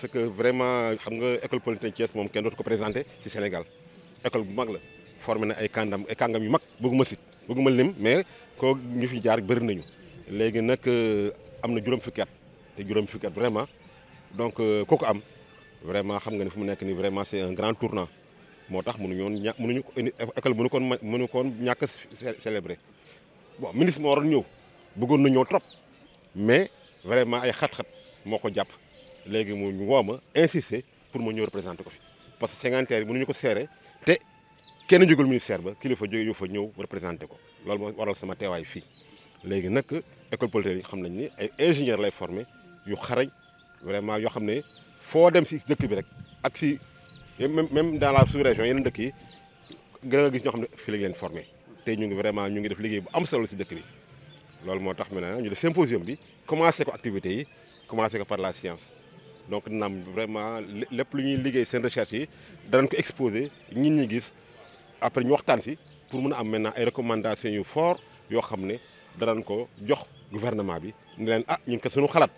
ce que vraiment xam nga école polytechnique Thiès moom kenn dootu ko présenté ci Sénégal école bu mag la formé na ay kàngam ay kàngam yu mag bëgguma sit bëgguma lim mais koo ñu fi jaar bëri nañu léegi nag euh, am na juróom fukki at te juróom fukki at vraiment donc kooku euh, am vraiment xam nga ne fu mu nekk ni vraiment c'est un grand tournant moo tax mënuñu woon ña mënuñu école mënu koon mënu koon ñàkk a célébré bon ministre moo waroon ñëw bëggoon na ñëw trop mais vraiment ay xat-xat moo ko jàpp léegi mu woo ma insister pour ma ñëw représenter ko fi parce que cinquantenaire bi ñu ko seere te kenn jógul ministère ba kilifa jóge ñu fa ñëw représenter ko loolu moo waral sama teewaay fii léegi nag école yi xam nañ ni ay ingénieur lay former yu xarañ vraiment yoo xam ne foo dem si dëkk bi rek ak si même même dans la sous-région yeneen dëkk yi gën a gis ñoo xam ne fii lañ leen former tey ñu ngi vraiment ñu ngi def liggéey bu am solo si dëkk bi moo tax maintenant ñu def bi commencé ko activités yi commencé ko par la science donc naam vraiment lépp lu ñuy liggéey seen recherche yi danañ ko exposé ñit ñi gis après ñu waxtaan si pour mun a am maintenant ay recommandations yu foor yoo xam ne danañ ko jox gouvernement bi ne leen ah ñun ko suñu xalaat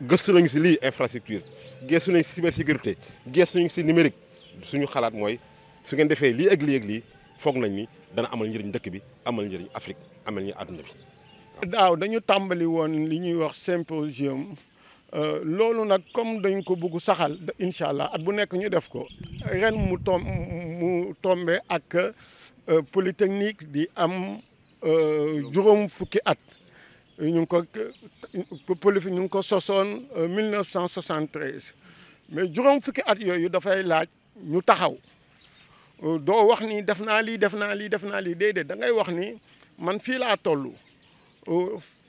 gëstu nañu si lii infrastructure gëstu nañu si cybersécurité gëstu nañu si numérique suñu xalaat mooy su ngeen defee lii ak lii ak foog nañ ni dana amal njëriñ dëkk bi amal njëriñ Afrique amal ñu àdduna bi. daaw dañu tàmbali Euh, loolu nag comme dañ ko bugg saxal incha allah at bu nekk ñu def ko ren mu tom tombe ak euh, polytechnique di am euh, juróom fukki at ñu ngi ko poly ñu ngi ko sosoon 1973 mais juróom fukki at yooyu dafay laaj ñu taxaw doo wax ni def naa lii def naa lii def naa lii déedéet da ngay wax ni man fii laa toll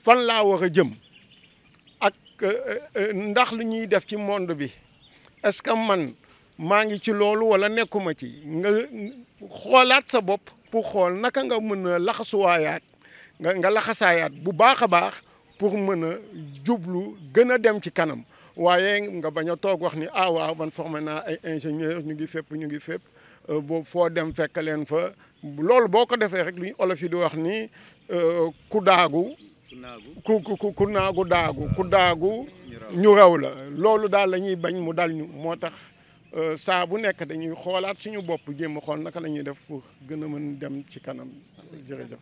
fan laa war a jëm. Euh, euh, ndax lu ñuy def ci monde bi est-ce que man maa ngi ci loolu wala nekkuma ci nga xoolaat sa bopp pour xool naka nga mën a laxasuwaayaat nga nga laxasaayaat bu baax a baax pour mën a jublu gën a dem ci kanam waaye nga bañ a toog wax ni awaa ah, waaw man formé naa ay ingénieur ñu ngi fépp ñu ngi fépp euh, boobu foo dem fekk leen fa loolu boo ko defee rek lu ñu olof yi di wax nii ku daagu ku ku ku naagu daagu ku daagu ñu raw la loolu daal lañuy bañ mu dal ñu moo tax euh, saa bu nekk dañuy xoolaat suñu bopp jéem xool naka la ñuy def pour gën a mën dem ci kanam jërëjëf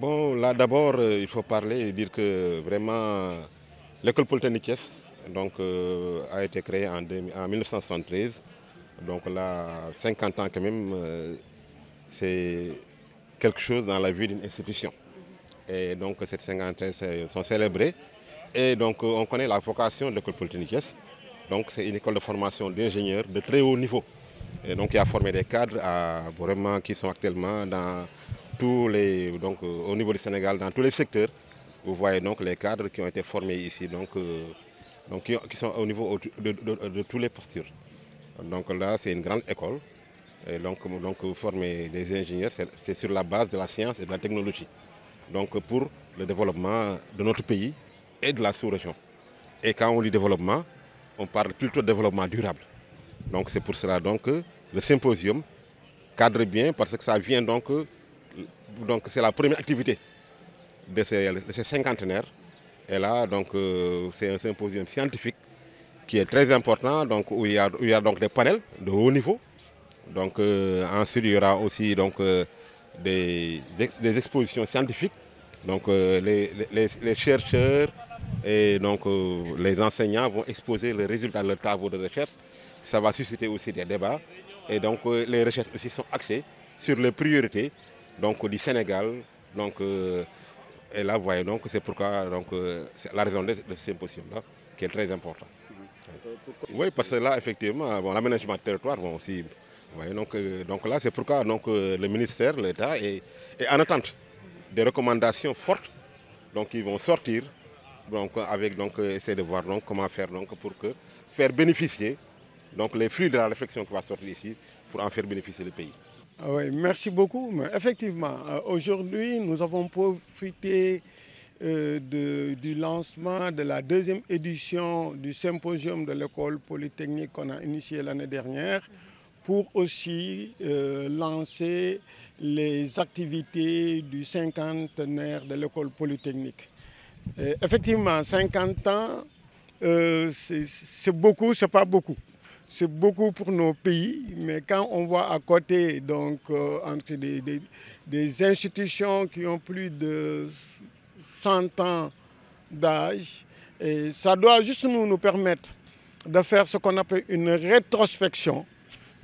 bon là d'abord euh, il faut parler et dire que vraiment l'école polytechnique Thiès donc euh, a été créée en, en 1973 donc la 50 ans que même euh, c'est quelque chose dans la vie d'une institution Et donc, cette cinquantaine sont célébrées. Et donc, euh, on connaît la vocation de l'école polytechnique. Donc, c'est une école de formation d'ingénieurs de très haut niveau. Et donc, il a formé des cadres à, vraiment qui sont actuellement dans tous les, donc, euh, au niveau Sénégal, dans tous les secteurs. Vous voyez donc les cadres qui ont été formés ici, donc, euh, donc qui, qui, sont au niveau de, tous les postures. Donc là, c'est une grande école. Et donc, donc former les ingénieurs, c'est sur la base de la science et de la technologie. donc pour le développement de notre pays et de la sous-région. Et quand on dit développement, on parle plutôt de développement durable. Donc c'est pour cela donc que le symposium cadre bien parce que ça vient donc, donc c'est la première activité de ces, cinquante ces, Et là, donc euh, c'est un symposium scientifique qui est très important, donc où il y a, donc des panels de haut niveau. Donc euh, ensuite il y aura aussi donc euh, des, ex, des expositions scientifiques. Donc euh, les, les, les, chercheurs et donc euh, les enseignants vont exposer les résultat de leurs travaux de recherche. Ça va susciter aussi des débats. Et donc euh, les recherches aussi sont axées sur les priorités donc, du Sénégal. Donc, euh, et la vous voyez, donc c'est pourquoi donc, euh, la raison de, ce symposium-là qui est très important. Oui, parce que là, effectivement, l'aménagement territoire, aussi, voyez, donc, euh, donc là, c'est pourquoi donc, euh, le ministère, l'État est, est, en attente des recommandations fortes donc, qui vont sortir donc, avec donc, euh, essayer de voir donc, comment faire donc, pour que, faire bénéficier donc, les fruits de la réflexion qui va sortir ici pour en faire bénéficier le pays. Ah merci beaucoup. Mais effectivement, aujourd'hui, nous avons profité de, du lancement de la deuxième édition du symposium de l'école polytechnique qu'on a initié l'année dernière. pour aussi euh, lancer les activités du cinquantenaire de l'école polytechnique. Et euh, effectivement, 50 ans, euh, c'est beaucoup, c'est pas beaucoup. C'est beaucoup pour nos pays, mais quand on voit à côté, donc, euh, entre des, des, des, institutions qui ont plus de 100 ans d'âge, ça doit juste nous, nous permettre de faire ce qu'on appelle une rétrospection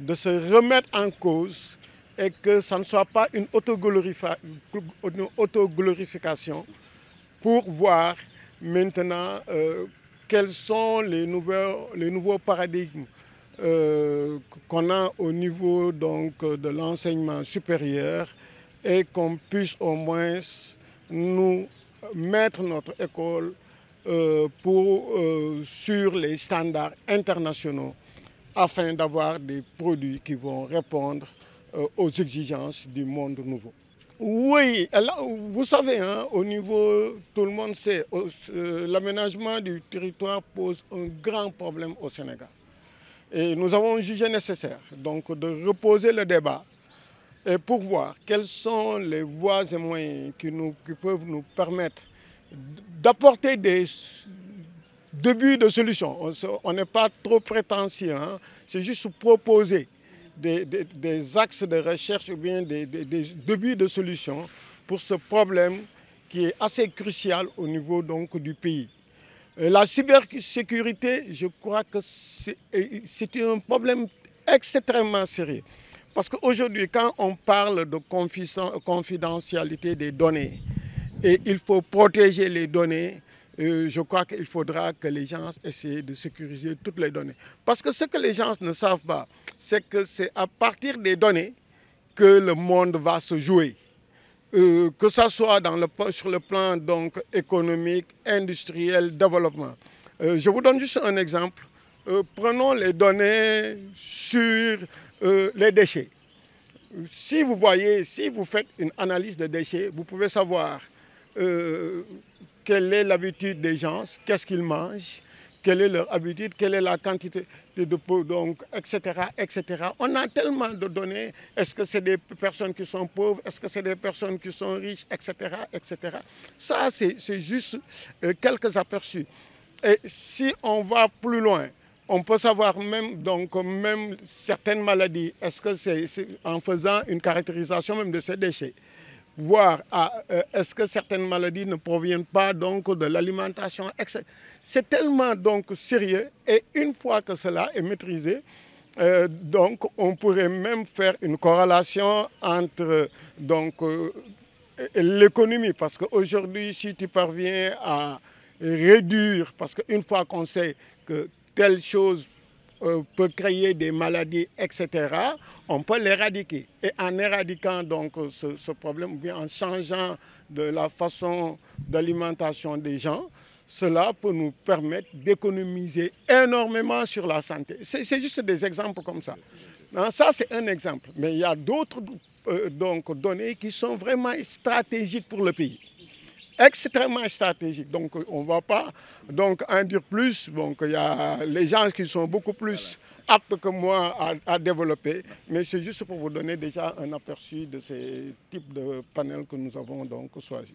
de se remettre en cause et que ça ne soit pas une autoglorification pour voir maintenant euh, quels sont les, nouveaux, les nouveaux paradigmes euh, qu'on a au niveau donc, de l'enseignement supérieur et qu'on puisse au moins nous mettre notre école euh, pour, euh, sur les standards internationaux. afin d'avoir des produits qui vont répondre euh, aux exigences du monde nouveau. Oui, vous savez, au niveau, tout le monde sait, euh, l'aménagement du territoire pose un grand problème au Sénégal. Et nous avons jugé nécessaire donc, de reposer le débat et pour voir quelles sont les voies et moyens qui peuvent nous permettre d'apporter des début de solution. On n'est pas trop prétentieux. Hein. C'est juste proposé des, des, des, axes de recherche ou bien des, des, débuts de solution pour ce problème qui est assez crucial au niveau donc, du pays. Et euh, la cybersécurité, je crois que c'est un problème extrêmement sérieux. Parce qu'aujourd'hui, quand on parle de confidentialité des données, et il faut protéger les données, je crois qu'il faudra que les gens essayent de sécuriser toutes les données. Parce que ce que les gens ne savent pas, c'est à partir des données que le monde va se jouer. Euh, que ça soit dans le, sur le plan donc, économique, industriel, développement. Euh, je vous donne juste un exemple. Euh, prenons les données sur euh, les déchets. Si vous voyez, si vous faites une analyse de déchets, vous pouvez savoir euh, quelle est l'habitude des gens, qu'est-ce qu'ils mangent, quelle est leur habitude, quelle est la quantité de peau, donc, etc., etc. On a tellement de données. Est-ce que c'est des personnes qui sont pauvres Est-ce que c'est des personnes qui sont riches Etc., etc. Ça, c'est juste euh, quelques aperçus. Et si on va plus loin, on peut savoir même, donc, même certaines maladies. Est-ce que c'est est en faisant une caractérisation même de ces déchets voir à, ah, euh, est-ce que certaines maladies ne proviennent pas donc de l'alimentation. C'est tellement donc sérieux et une fois que cela est maîtrisé, euh, donc on pourrait même faire une corrélation entre donc euh, l'économie parce qu'aujourd'hui si tu parviens à réduire, parce que une fois qu'on sait que telle chose euh, peut créer des maladies, etc., on peut l'éradiquer. Et en éradiquant donc euh, ce, ce problème, en changeant de la façon d'alimentation des gens, cela peut nous permettre d'économiser énormément sur la santé. C'est juste des exemples comme ça. Alors ça, un exemple. Mais il y a d'autres euh, donc données qui sont vraiment stratégiques pour le pays. extrêmement stratégique. Donc on ne va pas donc, en dire plus. Donc il y a les gens qui sont beaucoup plus aptes que moi à, à développer. Mais c'est juste pour vous donner déjà un aperçu de ces types de panels que nous avons donc choisis.